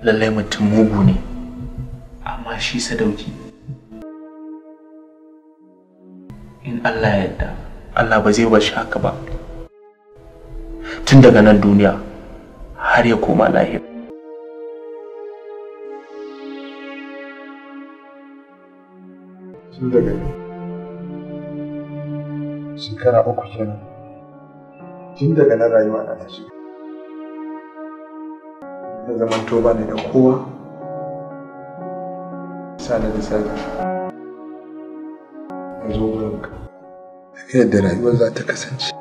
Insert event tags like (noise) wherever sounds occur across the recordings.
lallai mutum mugu ne amma shi sadauki in Allah ya yarda Allah ba zai bar shi haka ba tun daga nan duniya har ya koma lahira tun daga shekara uku kenan tun daga nan rayuwa na ta shiga na zaman ba ne da kowa sa da lissafi ya zo wurinka yadda rayuwar za ta kasance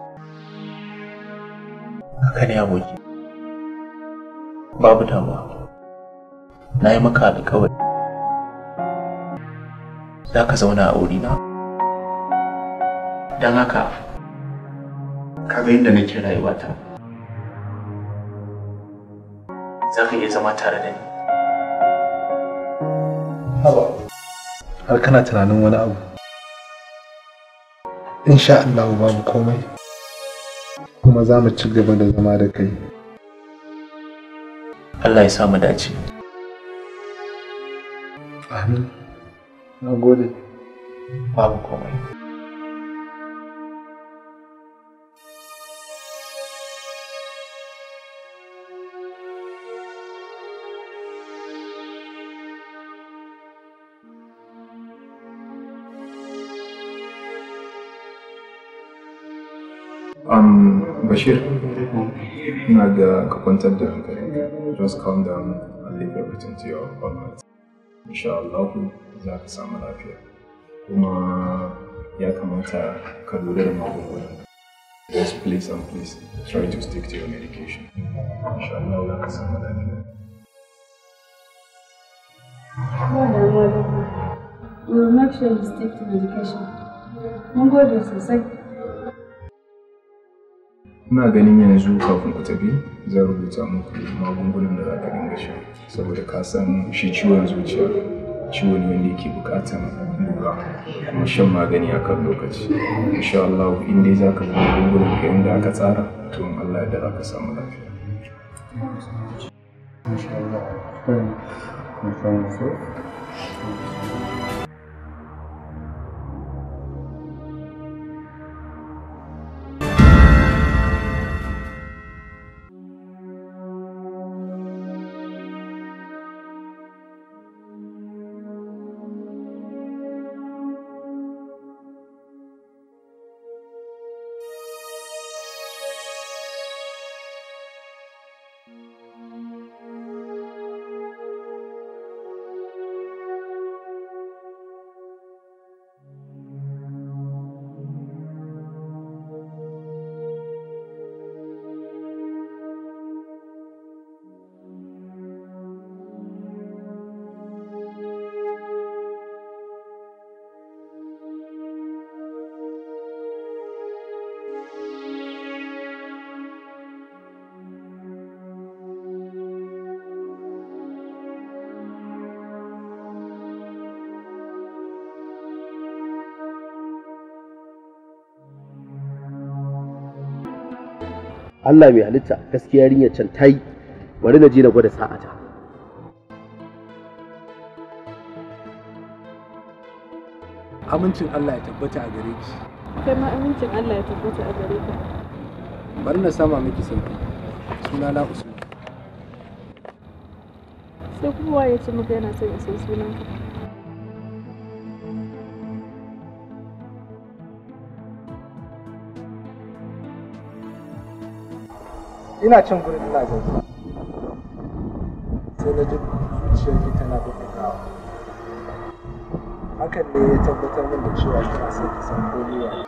haka ne aboki babu damuwa na yi maka alkawari za ka zauna a na don haka ka ga inda nake rayuwata za ka iya zama tare da ni. Haba, har kana tunanin wani abu. Insha Allah babu komai, kuma za mu ci gaba da zama da kai. Allah ya samu dace. Amin. Na gode. Babu komai. Bashir, ina da ka kwantar da hankalinka. Just calm down and leave everything to your own heart. Insha Allah za ka samu lafiya. Kuma ya kamata ka lura da magunguna. Just please and please try to stick to your medication. Insha Allah za ka samu lafiya. We'll make sure you stick to medication. Mun gode sosai. ina ganin yanzu kafin ku tafi zan rubuta muku magungunan da za ka dinga sha saboda ka san shi ciwon zuciya ciwo ne wanda yake bukatar lura kuma shan magani a kan lokaci insha Allah in dai za ka bi magungunan ka yadda aka tsara to in Allah ya za ka samu lafiya insha Allah Allah mai halitta gaskiya yarinya can ta yi bari na je na gwada sa'ata amincin Allah ya tabbata a gare ki kai ma amincin Allah ya tabbata a gare ka bari na sama miki sauki suna na usman sai kuma waye ce muka yana son ya san sunanka ina cin gurin ina zaune sai na jin zuciyar ki tana bugawa hakan ne ya tabbatar min da cewa kina son ki san ko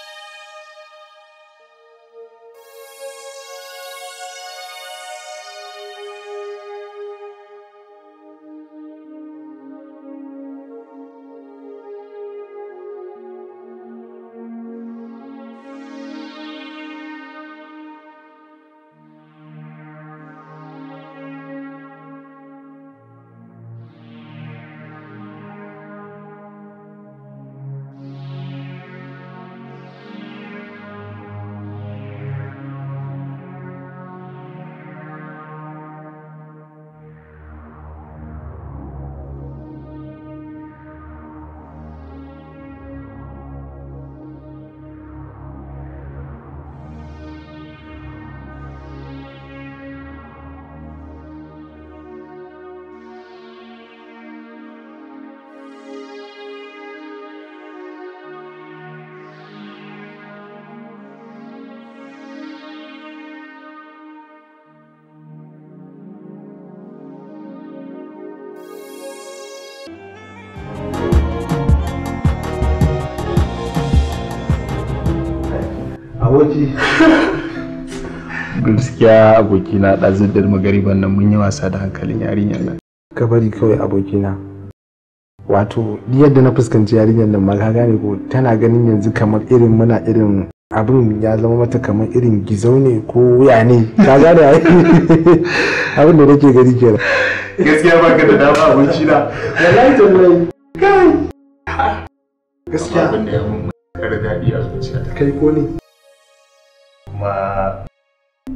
(laughs) gaskiya abokina ɗazin da magariban nan mun yi wasa da hankalin yarinyar nan ka bari kawai abokina wato yadda na fuskanci yarinyar nan ma ka gane ko tana ganin yanzu kamar irin muna irin abin ya zama mata kamar irin gizau ne ko wuya ne ka gane (laughs) abin da nake gari kenan gaskiya baka da dama abinci na wallahi tallahi kai gaskiya abin da ya mun kare dadi a zuciya kai ko ne kuma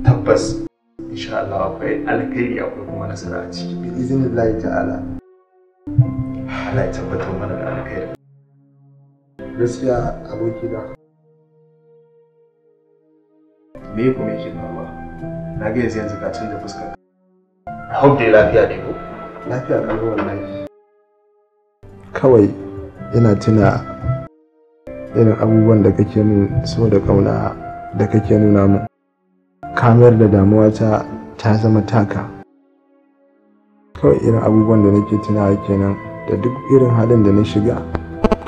tabbas insha Allah akwai alkhairi akwai kuma nasara a ciki bi ya ta'ala Allah ya tabbatar mana da alkhairi gaskiya aboki da me kuma yake faruwa na ga yanzu yanzu ka canza fuskar I hope dai lafiya ne ko lafiya kan wallahi kawai ina tuna irin abubuwan da kake min so da kauna da kake nuna min kamar da damuwa ta ta zama taka kawai irin abubuwan da nake tunawa kenan da duk irin halin da na shiga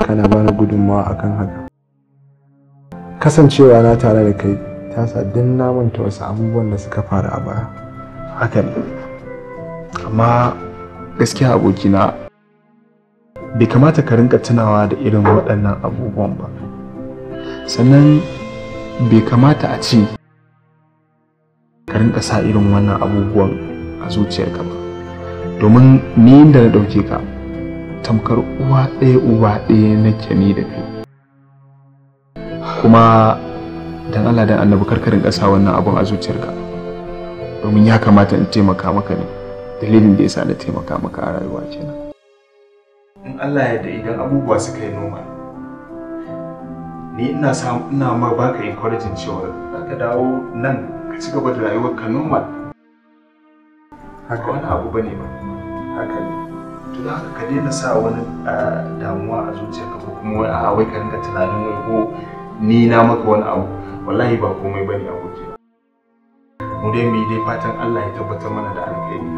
kana bani gudunmawa akan haka kasancewa na tare da kai ta sa din na manta wasu abubuwan da suka faru a baya haka ne amma gaskiya abokina bai kamata ka rinka tunawa da irin waɗannan abubuwan ba sannan bai kamata a ce ka rinka sa irin wannan abubuwan a zuciyarka ba domin ni da na ɗauke ka tamkar uwa ɗaya uba ɗaya nake ni da kai kuma dan Allah dan annabi karka rinka sa wannan abun a zuciyarka domin ya kamata in taimaka maka ne dalilin da yasa na taimaka maka a rayuwa kenan in Allah ya da idan abubuwa suka yi noma ni ina sa ina ma baka encouraging cewa za ka dawo nan ka ci gaba da rayuwar ka normal haka wani abu bane ba haka ne to da haka ka daina sa wani damuwa a zuciyarka ko kuma wai a wai ka rinka tunanin wai ko oh, ni na maka wani abu wallahi ba komai bane abokina mu dai mu dai fatan Allah ya tabbatar mana da alkhairi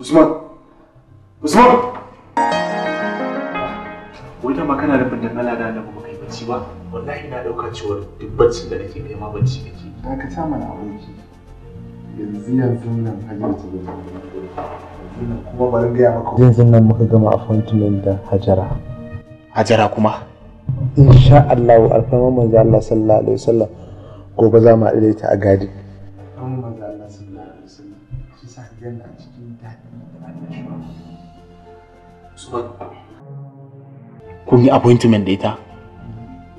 Usman! Usman! Wai dama kana da bandamala da na ba kai bacci ba? Wallahi na ɗauka cewa duk baccin da nake nema bacci nake. Da ka ta mana aboki. Yanzu yanzu nan hanyar ta zama kuma bari gaya maka. Yanzu nan muka gama appointment da Hajara. Hajara kuma? Insha Allah alfarmar manzo Allah sallallahu alaihi wasallam gobe za mu haɗu da ita a gadi. kun yi appointment da ita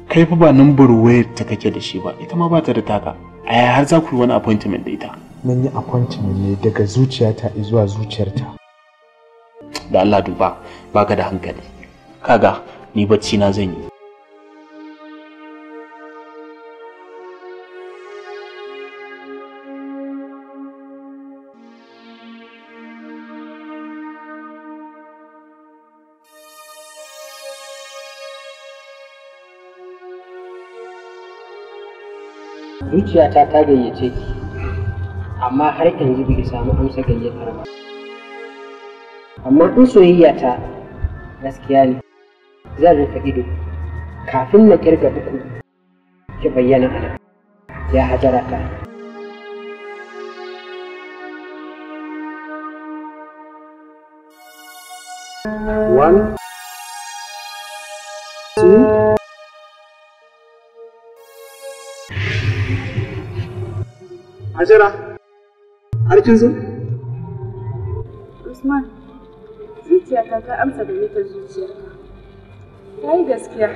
kai fa ba number wayar ta kake da shi ba ita ma ba ta da taka a yaya har za ku yi wani appointment da ita mun yi appointment ne daga zuciyata zuwa zuciyarta da Allah duba baka da hankali kaga ni bacci na zan yi zuciyata ta gayyace ki amma har yanzu bai samu amsa gayyatar ba amma in soyayya ta gaskiya ne zan rufe ido kafin na kirga uku ki bayyana ana ya hajara ta One, two, Hajira. har kin zo? Usman, zuciya ta amsa da ita zuciya. Ta yi gaskiya,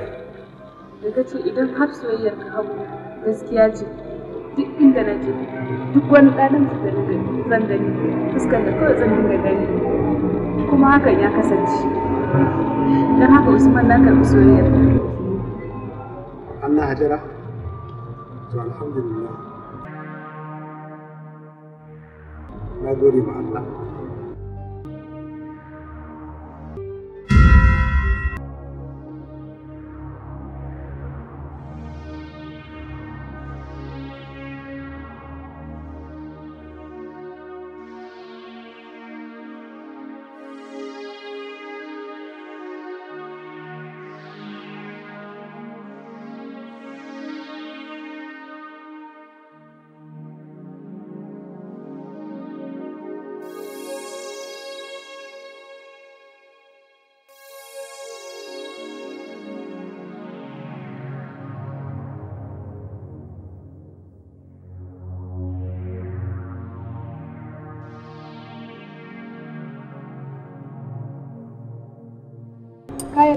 da ce idan har soyayyar ka abu gaskiya ce, duk inda na je, duk wani ɗanin da na gani zan gani, fuskar da kawai zan dinga gani. Kuma hakan ya kasance. Don haka Usman na karɓi soyayyar. Allah Hajara, to alhamdulillah. ad arrivarla.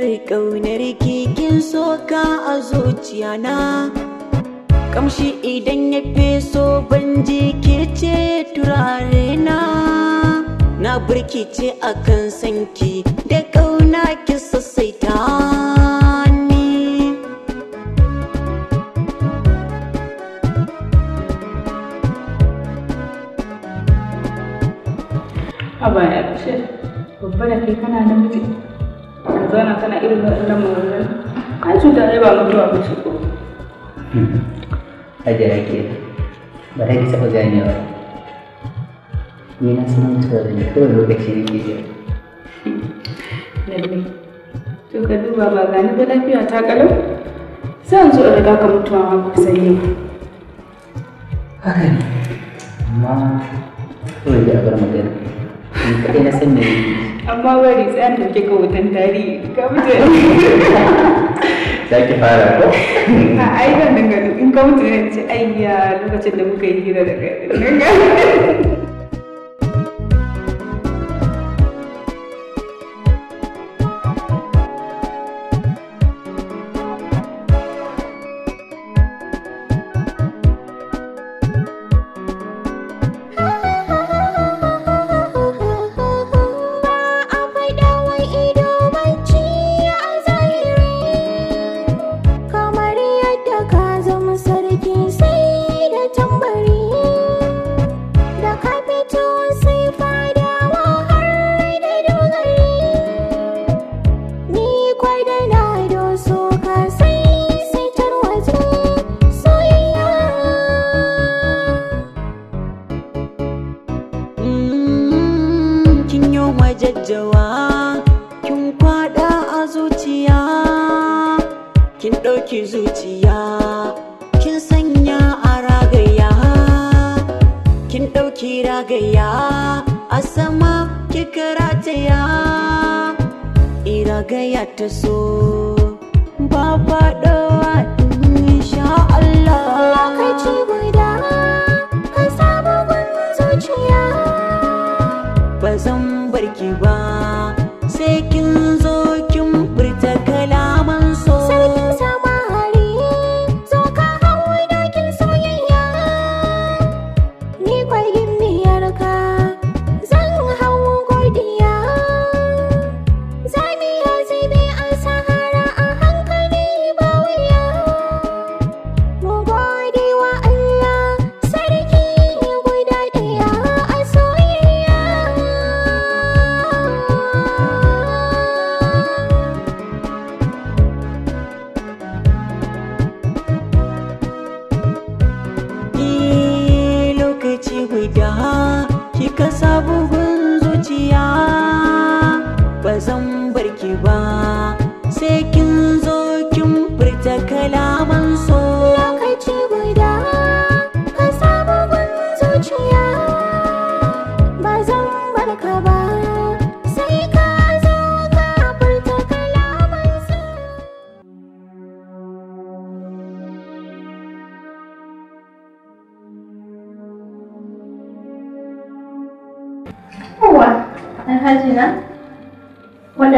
ƙaunar kikin soka a zuciya na kamshi idan ya feso ban ke ce turare na na birkice akan sanki da ƙauna ki sassaita Haba ya babba da kai kana namiji zauna kana irin waɗannan maganganun ai cuta ne ba ko ba ta ki saba ganewa ni na san mutuwa da ne kawai lokaci ne ke jira lalle to ka duba ba gani ta kalau sai zo riga ka mutuwa ma ba sai yau haka ne amma kawai da magana ni kaɗai amma bari tsayar da kika hoton tarihi ka mutu za ki fara ko a ai ban dangane in ka mutu ne ce ai ya lokacin da muka yi hira daga kai I'm kesabu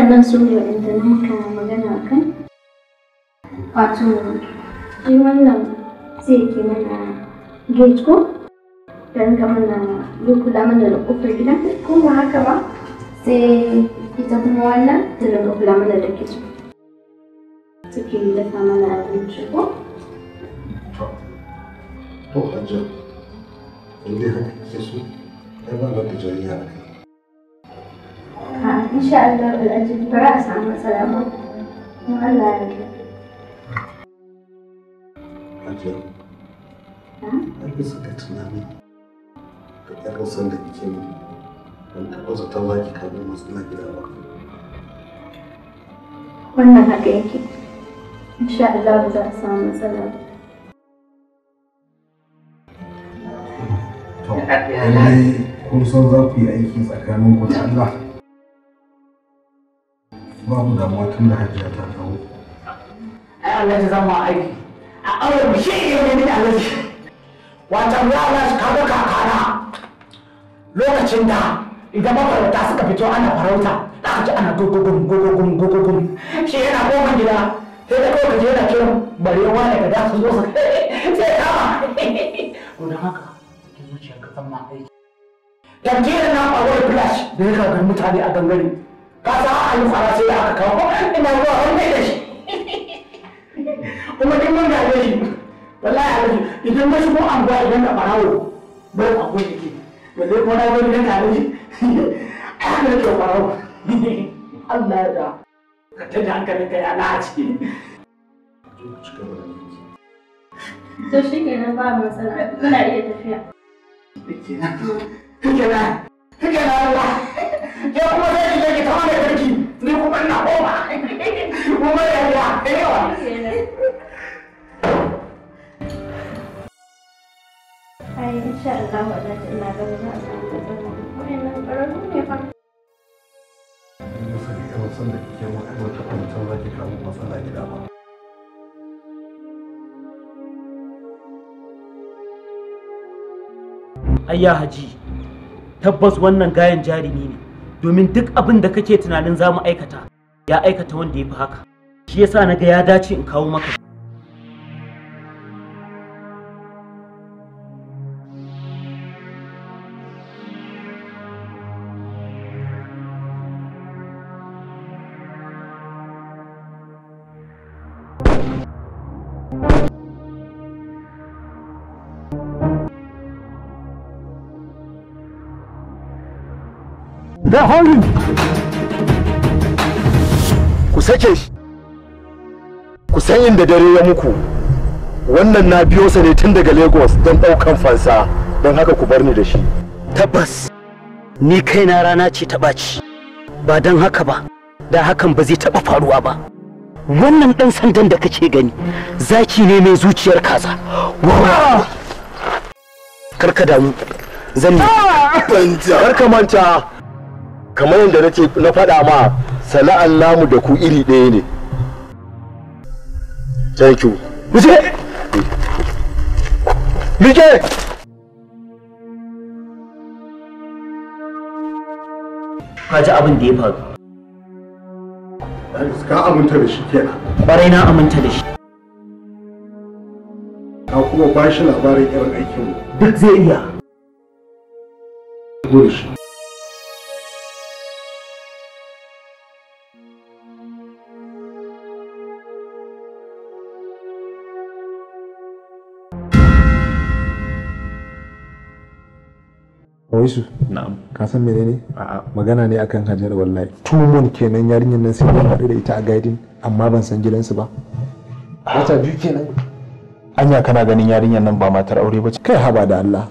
waɗannan su ne waɗanda na muka magana a kai wato shi wannan sai ke mana gate ko da rinka mana lukula mana da kofar gidan ko ba haka ba sai ita kuma wannan ta rinka kula mana da kitchen suke dafa mana abinci ko to hajja in dai haka kike so ai ba na da jariya a kai إن شاء الله بالأجل برأس عمل سلامة وعلى عليك أجل an bisa ga tunani da ɗan rasar da kike mu ban taɓa zaton za ki kawo masu na gida ba wannan haka yake insha Allah ba za a samu matsala ba kun san za ku yi aiki tsakanin ku da Allah babu damuwa tun da hajiya ta kawo ai alhaji zan ma aiki a aure shi ne ne da alhaji wata ya alhaji ka kawo kakana lokacin da idan mafarauta suka fito ana farauta aka ji ana gogogun gogogun gogogun shi yana goma gida sai da kawai kaje yana kiran barewa daga da su zo su sai kama to don haka ki zuciyarka san ma aiki tafkirin na a wani flash da ya kagar mutane a gangare ka sa a yi fara sai da aka kawo ina zuwa wani da shi kuma duk mun gaje shi wallahi alaji idan na ko an ba idan da barawo bai akwai yake balle ko na gani dan alaji a haka ke barawo Allah ya da ka ta da hankalin kai ana ci to shi ke nan ba matsala muna iya tafiya kenan kenan kenan Allah ya kuma zai ki zai ki kama sarki ni kuma ina koma kuma da ya da yawa ai insha Allah wa ta ina ga ba za a samu wannan karatu ne fa ina sani kawai san da kike mu kai wata kwantar zaki kawo matsala gida ba ayya haji tabbas wannan gayan jarumi ne domin duk abin da kake tunanin za mu aikata ya aikata wanda ya fi haka shi yasa na ga ya dace in kawo maka They're Ku sake shi. Ku san inda dare ya muku. Wannan na biyo sa ne tun daga Lagos don ɗaukan fansa. Don haka ku bar ni da shi. Tabbas. Ni kaina rana ce ta ɓaci. Ba don haka ba. Da hakan ba zai taɓa faruwa ba. Wannan ɗan sandan da kake gani zaki ne mai zuciyar kaza. Karka damu. Zan yi. Karka manta. kamar yadda na ce na faɗa ma sana'an namu da ku iri ɗaya ne thank you wuce mike ka ji abin da ya faru ka aminta da shi kenan ƙwarai na aminta da shi ka kuma ba shi labarin irin aikinmu duk zai iya Gurshi. Waisu. Na'am. Ka san ne. A'a. Magana ne akan Hajara wallahi. Tumun kenan yarinyar nan sai mun haɗu da ita a gaidin amma ban san gidansu ba. Wata biyu kenan. Anya kana ganin yarinyar nan ba matar aure ba ce. Kai haba da Allah.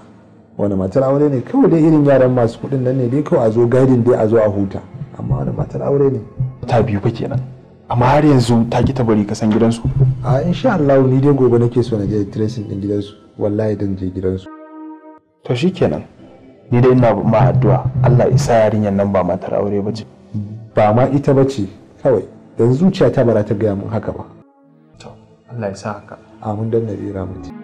Wani matar aure ne kawai dai irin yaran masu kuɗin nan ne dai kawai a zo gaidin dai a zo a huta. Amma wani matar aure ne. Wata biyu fa kenan. amma har yanzu ta ki ta bari ka san gidansu a insha Allah ni dai gobe nake so na je tracing din gidansu wallahi dan je gidansu to shikenan ni dai ina ma addu'a Allah ya sa yarinyar nan ba matar aure ba ce ba ma ita ba ce kawai dan zuciya ta bara ta gaya mun haka ba to Allah ya sa haka amin dan nabi rahmati